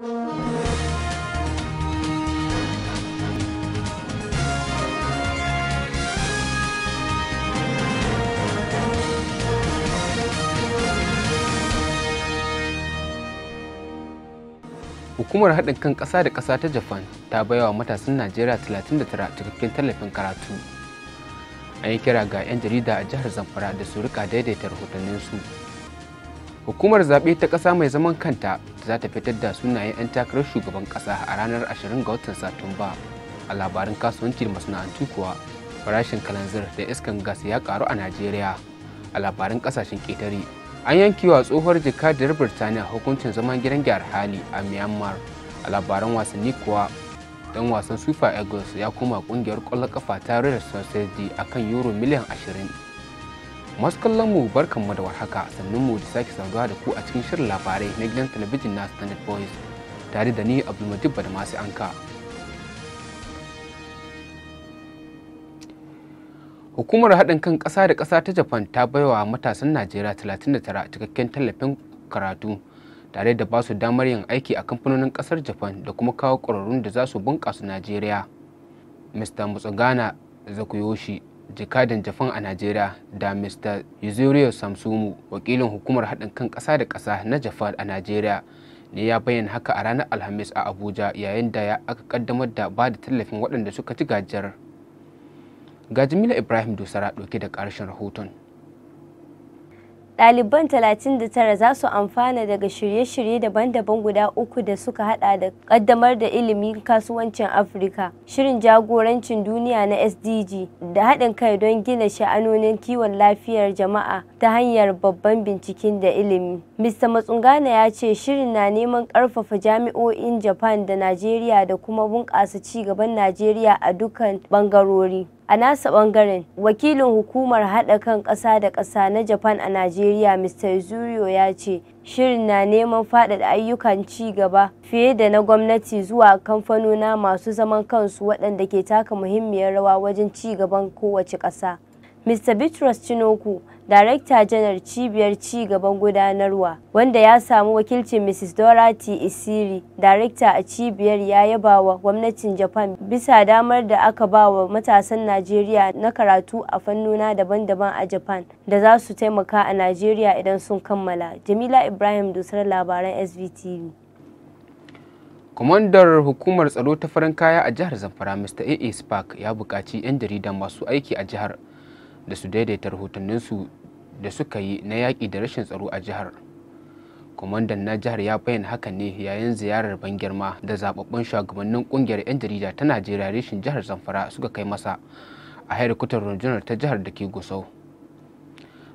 Hukumar haɗin kan ƙasa da ƙasa ta Japan ta baiwa matasan Najeriya 39 cikakken tallafin karatu. An yi kira ga 'yan jarida a jihar Zamfara da su rika daidaita rahotanninsu. hukumar zaɓe ta ƙasa mai zaman kanta za ta fitar da sunayen 'yan takarar shugaban ƙasa a ranar 20 ga watan satumba a labarin kasuwanci da masana'antu kuwa farashin kalanzir da iskan gas ya karu a najeriya a labarin ƙasashen ƙetare an yanke wa tsohuwar jakadiyar birtaniya hukuncin zaman gidan Gyara hali a myanmar a labaran wasanni kuwa dan wasan super eagles ya koma kungiyar ƙwallon kafa tare da sausage a kan euro miliyan 20 masu kallon mu barkan mu da warhaka sannan mu da sake saduwa da ku a cikin shirin labarai na gidan talabijin na standard boys tare da ni abdulmajid masu anka hukumar haɗin kan ƙasa da ƙasa ta japan ta baiwa matasan najeriya 39 cikakken tallafin karatu tare da ba su damar yin aiki a kamfanonin ƙasar japan da kuma kawo ƙwararrun da za su bunƙasa najeriya mr mutsugana zakuyoshi jakadan Jafan a najeriya da mr yuzuriyo samsumu wakilin hukumar haɗin kan ƙasa da ƙasa na jafar a najeriya ne ya bayyana haka a ranar alhamis a abuja yayin da ya aka kaddamar da ba da tallafin waɗanda suka ci gajiyar gajimila ibrahim Dusara ɗauke da ƙarshen rahoton Ɗaliban 39 za su amfana daga shirye-shirye daban-daban guda uku da suka hada da ƙaddamar da ilimin kasuwancin Afirka, shirin jagorancin duniya na SDG, da haɗin kai don gina sha'anonin kiwon lafiyar jama'a ta hanyar babban binciken da ilimi. Mr. Matsungana ya ce shirin na neman ƙarfafa jami'o'in Japan da Najeriya da kuma bunƙasa ci gaban Najeriya a dukkan ɓangarori. A nasa ɓangaren, wakilin hukumar haɗa kan ƙasa da ƙasa na Japan a Najeriya, Mr. Zurio ya ce, shirin na neman faɗaɗa ayyukan ci gaba fiye da na gwamnati zuwa kamfanona masu zaman kansu waɗanda ke taka muhimmiyar rawa wajen ci gaban kowace ƙasa. Mr. Bitrus Chinoku, Darekta Janar Cibiyar Ci Gaban Gudanarwa, wanda ya samu wakilcin Mrs. Dorothy Isiri, Darekta a Cibiyar ya yaba wa gwamnatin Japan bisa damar da aka ba wa matasan Najeriya na karatu a fannuna daban-daban a Japan da za su taimaka a Najeriya idan sun kammala. Jamila Ibrahim Dusar Labaran SVTV. Kwamandar hukumar tsaro ta farin kaya a jihar Zamfara Mr. A.A. Spark ya buƙaci 'yan jarida masu aiki a jihar da su daidaita rahotanninsu da suka yi na yaƙi da rashin tsaro a jihar kwamandan na jihar ya bayyana haka ne yayin ziyarar ban girma da zababbun shugabannin kungiyar 'yan jarida ta najeriya reshin jihar zamfara suka kai masa a hedikwatar rundunar ta jihar da ke gusau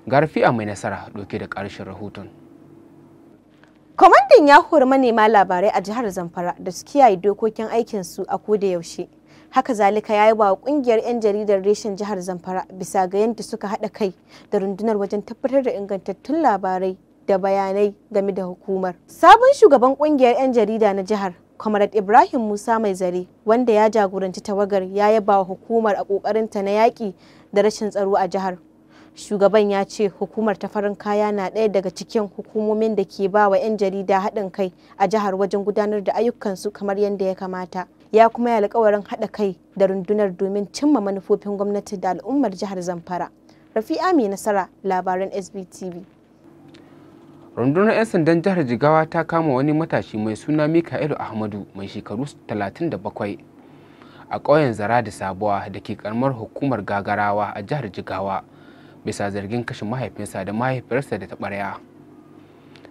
garfiya mai nasara doke da ƙarshen rahoton kwamandan ya hori manema labarai a jihar zamfara da su kiyaye dokokin aikinsu a koda yaushe haka zalika ya yi wa kungiyar 'yan jaridar reshen jihar zamfara bisa ga yadda suka haɗa kai da rundunar wajen tabbatar da ingantattun labarai da bayanai game da hukumar sabon shugaban kungiyar 'yan jarida na jihar Comrade Ibrahim Musa Mai Zare wanda ya jagoranci tawagar ya yaba wa hukumar a kokarinta na yaƙi da rashin tsaro a jihar. Shugaban ya ce hukumar ta farin kaya na ɗaya daga cikin hukumomin da ke ba wa 'yan jarida haɗin kai a jihar wajen gudanar da ayyukansu kamar yadda ya kamata. ya kuma yi alkawarin haɗa kai da rundunar domin cimma manufofin gwamnati da al'ummar jihar zamfara rafi'a mai nasara labaran sbtv rundunar 'yan sandan jihar jigawa ta kama wani matashi mai suna mika'ilu ahmadu mai shekaru 37 a ƙauyen zara da sabuwa da ke karamar hukumar gagarawa a jihar jigawa bisa zargin kashe mahaifinsa da mahaifiyarsa da ta ɓarya.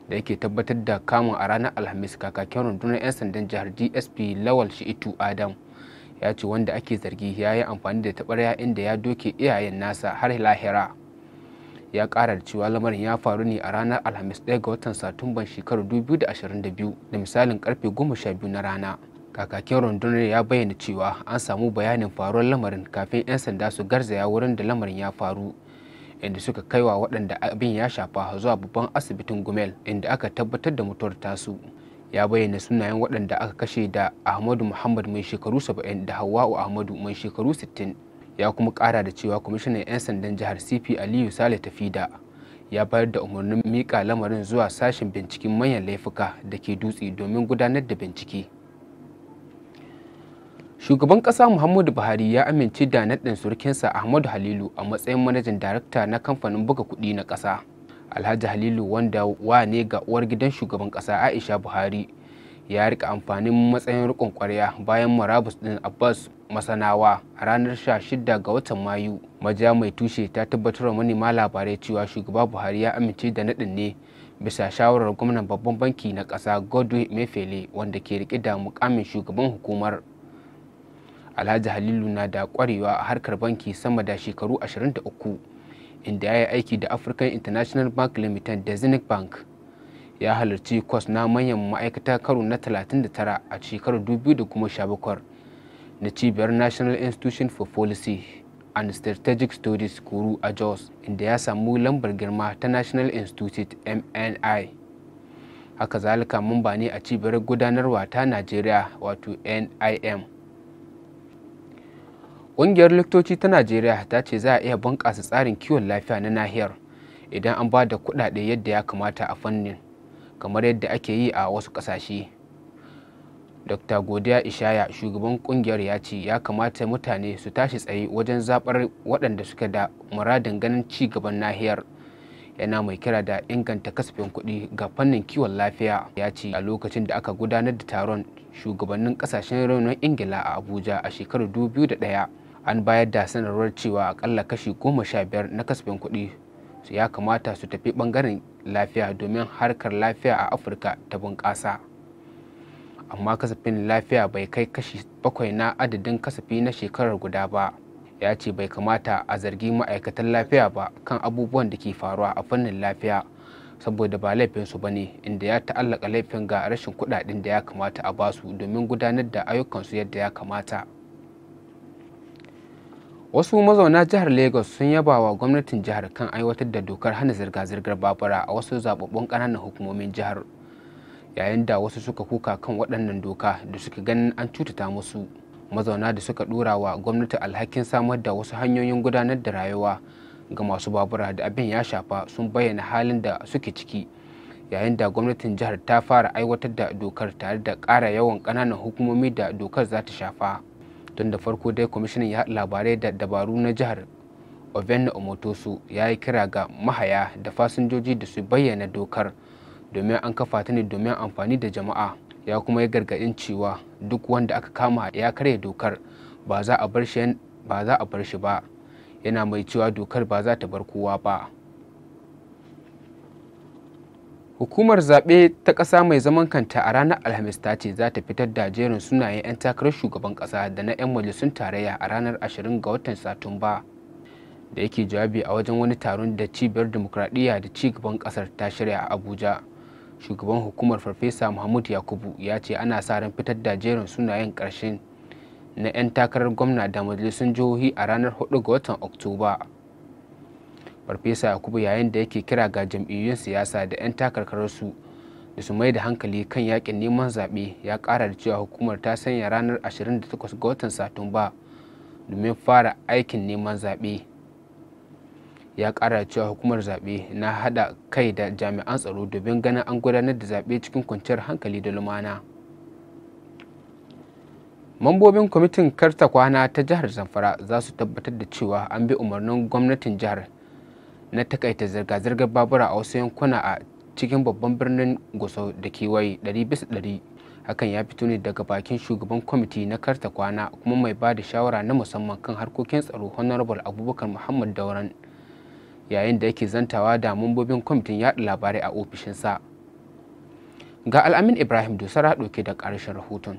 da yake tabbatar da kamun a ranar alhamis kakakin rundunar 'yan sandan jihar dsp lawal shi'itu adam ya ce wanda ake zargi ya yi amfani da taɓarya inda ya doke iyayen nasa har lahira ya ƙara da cewa lamarin ya faru ne a ranar alhamis ɗaya ga watan satumban shekarar 2022 da da misalin karfe biyu na rana kakakin rundunar ya bayyana cewa an samu bayanin faruwar lamarin kafin 'yan sanda su garzaya wurin da lamarin ya faru inda suka kaiwa waɗanda abin ya shafa zuwa babban asibitin gumel inda aka tabbatar da mutuwar tasu ya bayyana sunayen waɗanda aka kashe da ahmadu muhammad mai shekaru 70 da hawa'u ahmadu mai shekaru 60 ya kuma ƙara da cewa kwamishinan 'yan sandan jihar cp aliyu sale tafida ya bayar da umarnin miƙa lamarin zuwa sashen binciken manyan laifuka da ke dutse domin gudanar da bincike shugaban ƙasa muhammadu buhari ya amince da naɗin surukinsa ahmadu halilu a matsayin manajan darakta na kamfanin buga kuɗi na ƙasa alhaji halilu wanda wa ne ga uwar gidan shugaban ƙasa aisha buhari ya rika amfanin matsayin rikon kwarya bayan marabus din abbas masanawa a ranar 16 ga watan mayu maja mai tushe ta tabbatar wa manema labarai cewa shugaba buhari ya amince da naɗin ne bisa shawarar gwamnan babban banki na ƙasa godwin mefele wanda ke rike da mukamin shugaban hukumar alhaji halilu na da kwarewa a harkar banki sama da shekaru 23 inda ya yi aiki da african international bank limited da zenith bank ya halarci kwas na manyan ma'aikata karo na 39 a shekarar 2017 na cibiyar national institution for policy and strategic studies kuru a jos inda ya samu lambar girma ta national institute mni haka zalika mamba ne a cibiyar gudanarwa ta najeriya wato nim Ƙungiyar likitoci ta Najeriya ta ce za a iya bunƙasa tsarin kiwon lafiya na nahiyar idan an ba da kuɗaɗe yadda ya kamata a fannin kamar yadda ake yi a wasu ƙasashe. Dr. Godiya Ishaya shugaban ƙungiyar ya ce ya kamata mutane su tashi tsaye wajen zaɓar waɗanda suke da muradin ganin ci gaban nahiyar. yana mai kira da inganta kasafin kuɗi ga fannin kiwon lafiya ya ce a lokacin da aka gudanar da taron shugabannin ƙasashen raunin ingila a abuja a shekarar 2001 an bayar da sanarwar cewa akalla kashi goma sha biyar na kasafin kuɗi su ya kamata su tafi ɓangaren lafiya domin harkar lafiya a afirka ta bunƙasa amma kasafin lafiya bai kai kashi bakwai na adadin kasafi na shekarar guda ba ya ce bai kamata a zargi ma'aikatan lafiya ba kan abubuwan da ke faruwa a fannin lafiya saboda ba laifinsu ba ne inda ya ta'allaka laifin ga rashin kuɗaɗen da ya kamata a basu domin gudanar da ayyukansu yadda ya kamata wasu mazauna jihar lagos sun yaba wa gwamnatin jihar kan aiwatar da dokar hana zirga-zirgar babura a wasu zababbun ƙananan hukumomin jihar yayin da wasu suka kuka kan waɗannan doka da suka ganin an cutata musu mazauna da suka ɗora wa gwamnati alhakin samar da wasu hanyoyin gudanar da rayuwa ga masu babura da abin ya shafa sun bayyana halin da suke ciki yayin da gwamnatin jihar ta fara aiwatar da dokar tare da ƙara yawan ƙananan hukumomi da dokar za ta shafa tun da farko dai kwamishinan ya labarai da dabaru na jihar ovenna omotosu ya yi kira ga mahaya da fasinjoji da su bayyana dokar domin an kafa ta ne domin amfani da jama'a ya kuma yi gargaɗin cewa duk wanda aka kama ya karya dokar ba za a bar shi ba yana mai cewa dokar ba za ta bar kowa ba Hukumar zaɓe ta ƙasa mai zaman kanta a ranar Alhamis ta ce za ta fitar da jerin sunayen 'yan takarar shugaban ƙasa da na 'yan majalisun tarayya a ranar 20 ga watan Satumba. Da yake jawabi a wajen wani taron da cibiyar demokradiyya da ci gaban ƙasar ta shirya a Abuja. Shugaban hukumar Farfesa Muhammad Yakubu ya ce ana sa ran fitar da jerin sunayen ƙarshen na 'yan takarar gwamna da majalisun jihohi a ranar 4 ga watan Oktoba. farfesa yakubu yayin da yake kira ga jam'iyyun siyasa da 'yan takarkararsu da su mai da hankali kan yakin neman zaɓe ya ƙara da cewa hukumar ta sanya ranar 28 ga watan satumba domin fara aikin neman zaɓe ya ƙara da cewa hukumar zaɓe na haɗa kai da jami'an tsaro domin ganin an gudanar da zaɓe cikin kwanciyar hankali da lumana mambobin kwamitin karta kwana ta jihar zamfara za su tabbatar da cewa an bi umarnin gwamnatin jihar na takaita zirga-zirgar babura a wasu yankuna a cikin babban birnin gusau da kewaye 100 hakan ya fito ne daga bakin shugaban kwamiti na karta kwana kuma mai ba da shawara na musamman kan harkokin tsaro honorable abubakar muhammad dauran yayin da yake zantawa da mambobin kwamitin yaɗa labarai a ofishinsa ga al'amin ibrahim dusara ɗauke da ƙarshen rahoton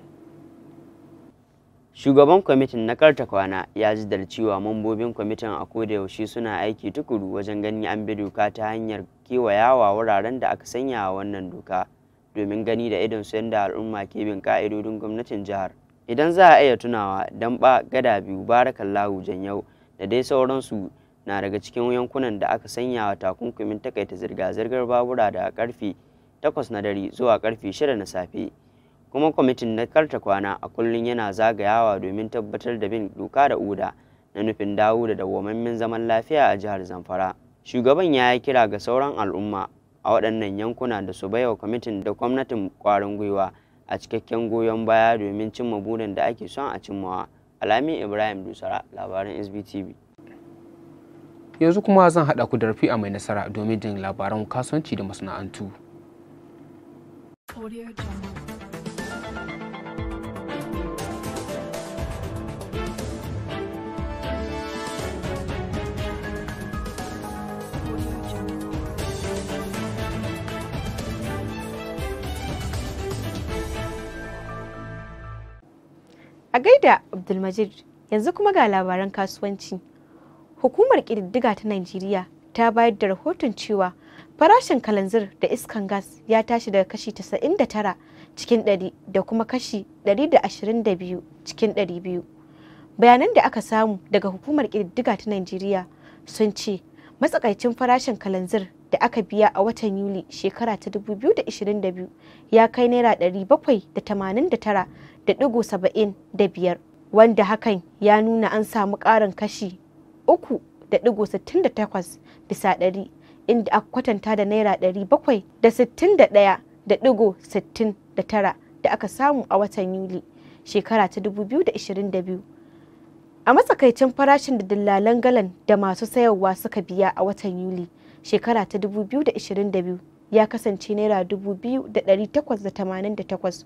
shugaban kwamitin na karta kwana ya ji da cewa mambobin kwamitin a yaushe suna aiki tukuru wajen gani an bi doka ta hanyar kewayawa wuraren da aka sanya a wannan doka domin gani da idon su yadda al'umma ke bin ka'idodin gwamnatin jihar idan za a iya tunawa dan ba gada biyu barakan lahu janyau da dai sauransu na daga cikin yankunan da aka sanya wa takunkumin takaita zirga-zirgar babura daga karfe 8 na dare zuwa karfe 6 na safe kuma kwamitin na karta kwana a kullum yana zagayawa domin tabbatar da bin doka da uda na nufin dawo da dawwamammin zaman lafiya a jihar zamfara shugaban ya yi kira ga sauran al'umma a waɗannan yankuna da su baiwa kwamitin da gwamnatin kwarin gwiwa a cikakken goyon baya domin cimma burin da ake son a cimmawa alami ibrahim dusara labaran sbtv yanzu kuma zan haɗa ku da rafi'a mai nasara domin jin labaran kasuwanci da masana'antu. A gaida Abdulmajid yanzu kuma ga labaran kasuwanci. Hukumar ƙididdiga ta Najeriya ta bayar da rahoton cewa farashin kalanzir da iskan gas ya tashi daga kashi 99 cikin 100 da kuma kashi 122 cikin 200. Bayanan da aka samu daga hukumar ƙididdiga ta Najeriya sun ce matsakaicin farashin kalanzir da aka biya a watan Yuli shekara ta 2022 ya kai naira 789 da ɗigo saba'in da biyar wanda hakan ya nuna an samu ƙarin kashi 3.68 bisa ɗari inda aka kwatanta da naira ɗari da da aka samu a watan yuli shekara ta 2022 a matsakaicin farashin da dillalan galan da masu sayarwa suka biya a watan yuli shekara ta 2022 ya kasance naira 2,888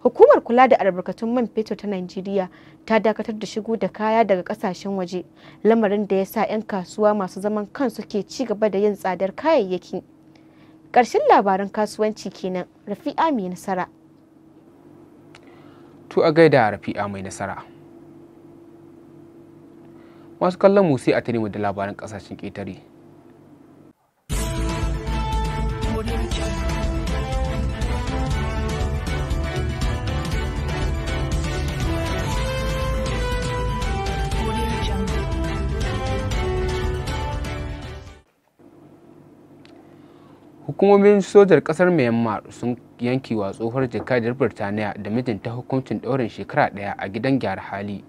hukumar kula da albarkatun man fetur ta Najeriya ta dakatar da shigo da kaya daga kasashen waje lamarin da ya sa 'yan kasuwa masu zaman kansu ke ci gaba da yin tsadar kayayyaki. Ƙarshen labaran kasuwanci kenan Rafi'a mai nasara. To a gaida Rafi'a mai nasara. Masu kallon Musa sai a tare da labarin ƙasashen ƙetare. hukumomin sojar kasar myanmar sun yanki wa tsohuwar jakadiyar birtaniya da mijinta hukuncin daurin shekara daya a gidan gyara hali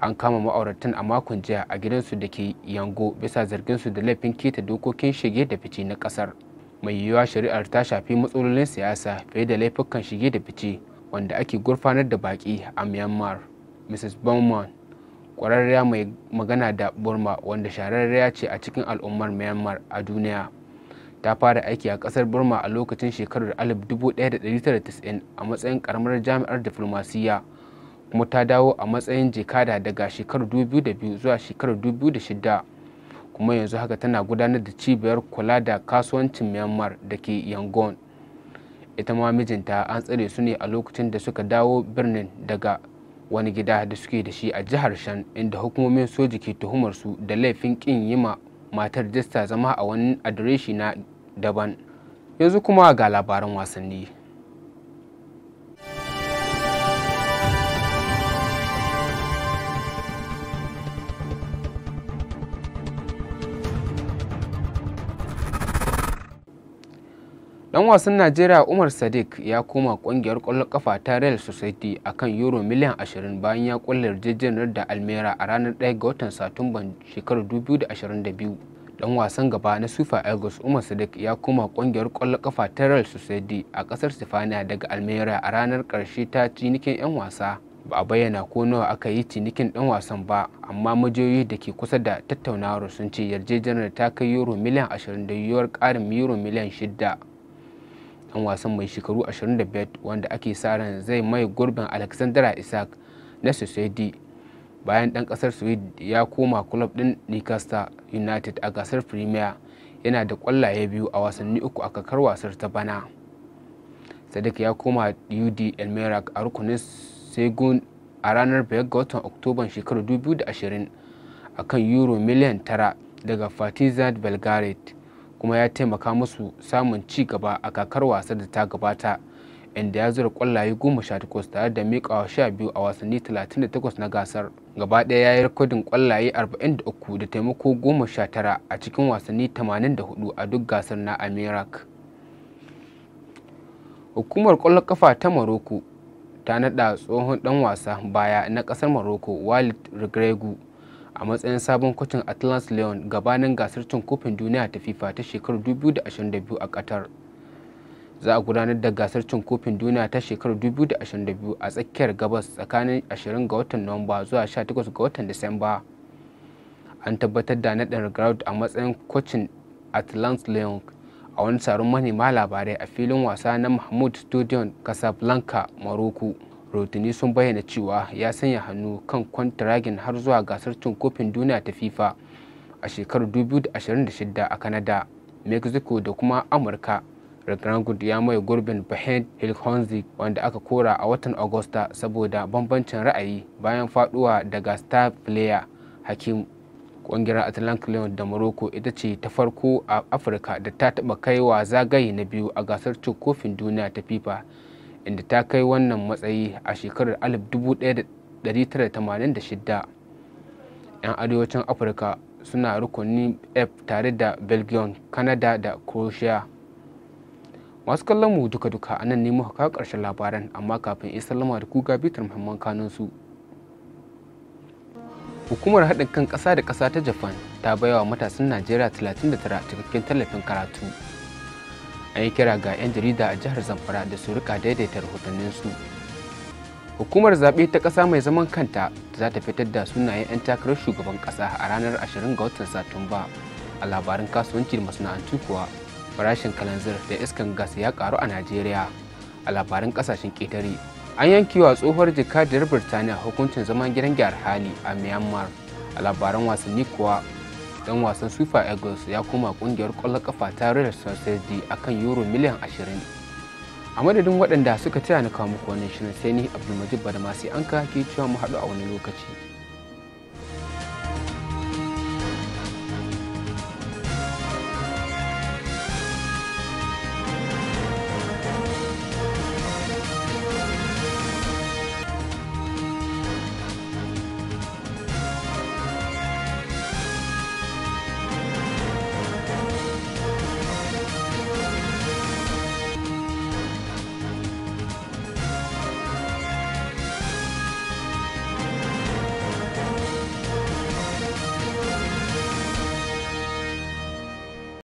an kama ma'auratan a makon jiya a gidansu da ke yango bisa zarginsu da laifin keta dokokin shige da fice na kasar mai yiwuwa shari'ar ta shafi matsalolin siyasa fiye da laifukan shige da fice wanda ake gurfanar da baki a myanmar mrs bowman kwararriya mai magana da burma wanda shahararriya ce a cikin al'ummar myanmar a duniya ta fara aiki a kasar burma a lokacin shekarar 1990 a matsayin karamar jami'ar diflomasiyya kuma ta dawo a matsayin jikada daga shekarar 2002 zuwa shekarar 2006 kuma yanzu haka tana gudanar da cibiyar kula da kasuwancin myanmar da ke yangon ita ma mijinta an tsare su ne a lokacin da suka dawo birnin daga wani gida da suke da shi a jihar shan inda hukumomin soji ke tuhumar su da laifin kin yi ma matar jista zama a wani adireshi na daban yanzu kuma ga labaran wasanni dan wasan najeriya umar sadiq ya koma kungiyar kwallon kafa ta real society a kan euro miliyan 20 bayan ya kulle yarjejeniyar da almera a ranar 1 ga watan satumban shekarar 2022 dan wasan gaba na sufa Eagles Umar Sadiq ya koma kungiyar kwallo kafa ta Real Sociedad a kasar Sifaniya daga Almeria a ranar karshe ta cinikin 'yan wasa. Ba a bayyana ko nawa aka yi cinikin dan wasan ba, amma majoyi da ke kusa da tattaunawar sun ce yarjejeniyar ta kai euro miliyan 20 da yiwuwar karin euro miliyan 6. Dan wasan mai shekaru 25 wanda ake sa ran zai mai gurbin Alexandra Isaac na Sociedad bayan ɗan ƙasar swede ya koma kulob ɗin nikasta united a gasar premier yana da ƙwallaye biyu a wasanni uku a kakar wasar ta bana sadiq ya koma ud elmerak a rukunin segun a ranar 5 ga watan oktoban shekarar 2020 a kan euro miliyan 9 daga fatizad belgrade kuma ya taimaka musu samun ci gaba a kakar wasar da ta gabata inda ya zura kwallaye goma sha takwas tare da miƙawa sha biyu a wasanni talatin na gasar gaba ɗaya ya yi rikodin kwallaye arba'in da taimako goma sha tara a cikin wasanni tamanin hudu a duk gasar na amirak hukumar kwallon kafa ta maroko ta naɗa tsohon dan wasa baya na ƙasar maroko walid regregu a matsayin sabon kwacin atlanta leon gabanin gasar cin kofin duniya ta fifa ta shekarar 2022 a qatar za a gudanar da gasar cin kofin duniya ta shekarar 2022 a tsakiyar gabas tsakanin 20 ga watan nuwamba zuwa 18 ga watan disamba an tabbatar da nadar ground a matsayin kocin atlanta leon a wani taron manema labarai a filin wasa na mahmud stadium casablanca morocco rotuni sun bayyana cewa ya sanya hannu kan kwantiragin har zuwa gasar cin kofin duniya ta fifa a shekarar 2026 a canada mexico da kuma amurka Ragrangut ya mai gurbin Bahrain Hilkhonzik wanda aka kora a watan Agusta saboda bambancin ra'ayi bayan faduwa daga star player Hakim kungiyar Atlantic lyon da Morocco ita ce ta farko a Afirka da ta taba kaiwa zagaye na biyu a gasar cin kofin duniya ta FIFA inda ta kai wannan matsayi a shekarar 1986 'yan arewacin afirka suna rukunin f tare da belgium canada da croatia masu kallon mu duka-duka a nan ne muka kawo ƙarshen labaran amma kafin in sallama da ku ga bitar muhimman kanun su hukumar haɗin kan ƙasa da ƙasa ta japan ta baiwa matasan najeriya 39 cikakken tallafin karatu an yi kira ga 'yan jarida a jihar zamfara da su rika daidaita rahotanninsu hukumar zaɓe ta ƙasa mai zaman kanta za ta fitar da sunayen 'yan takarar shugaban ƙasa a ranar 20 ga watan satumba a labarin kasuwanci masana'antu kuwa farashin kalanzir da iskan gas ya karu a najeriya a labarin kasashen ketare an yankewa tsohuwar jikadiyar birtaniya hukuncin zaman gidan gyar hali a myanmar a labaran wasanni kuwa dan wasan super eagles ya koma kungiyar kwallon kafa ta real society a kan euro miliyan 20 a madadin waɗanda suka taya na kawo muku wannan shirin sai ni abdulmajid badamasi an ka ke cewa mu haɗu a wani lokaci